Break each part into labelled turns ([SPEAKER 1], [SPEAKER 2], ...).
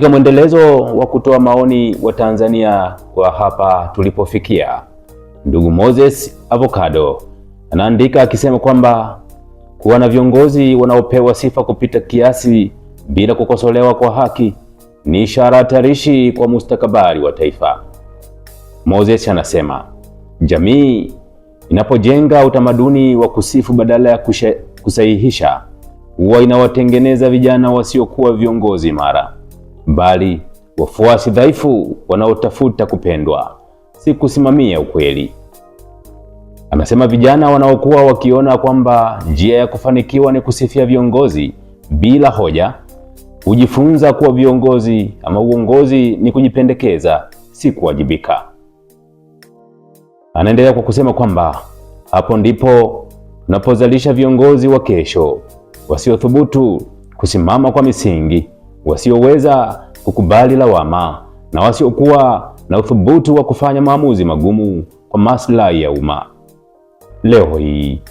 [SPEAKER 1] Katika mwendelezo wa kutoa maoni wa Tanzania kwa hapa tulipofikia, ndugu Moses Avocado anaandika akisema kwamba kuwa na viongozi wanaopewa sifa kupita kiasi bila kukosolewa kwa haki ni ishara hatarishi kwa mustakabali wa taifa. Moses anasema jamii inapojenga utamaduni wa kusifu badala ya kusahihisha huwa inawatengeneza vijana wasiokuwa viongozi imara bali wafuasi dhaifu wanaotafuta kupendwa, si kusimamia ukweli. Anasema vijana wanaokuwa wakiona kwamba njia ya kufanikiwa ni kusifia viongozi bila hoja hujifunza kuwa viongozi ama uongozi ni kujipendekeza, si kuwajibika. Anaendelea kwa kusema kwamba hapo ndipo tunapozalisha viongozi wa kesho wasiothubutu kusimama kwa misingi wasioweza kukubali lawama na wasiokuwa na uthubutu wa kufanya maamuzi magumu kwa maslahi ya umma. Leo hii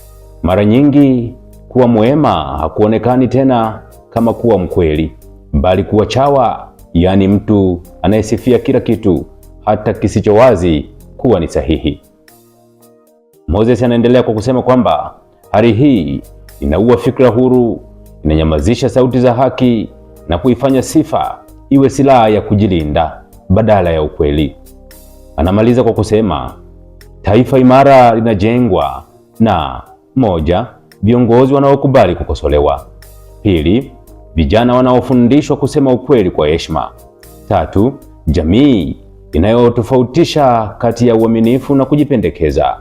[SPEAKER 1] mara nyingi kuwa mwema hakuonekani tena kama kuwa mkweli, bali kuwa chawa, yaani mtu anayesifia kila kitu hata kisicho wazi kuwa ni sahihi. Moses anaendelea kwa kusema kwamba hali hii inaua fikra huru, inanyamazisha sauti za haki na kuifanya sifa iwe silaha ya kujilinda badala ya ukweli. Anamaliza kwa kusema taifa imara linajengwa na moja, viongozi wanaokubali kukosolewa; pili, vijana wanaofundishwa kusema ukweli kwa heshima; tatu, jamii inayotofautisha kati ya uaminifu na kujipendekeza.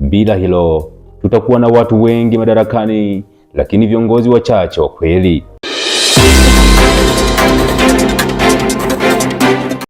[SPEAKER 1] Bila hilo, tutakuwa na watu wengi madarakani, lakini viongozi wachache wa kweli.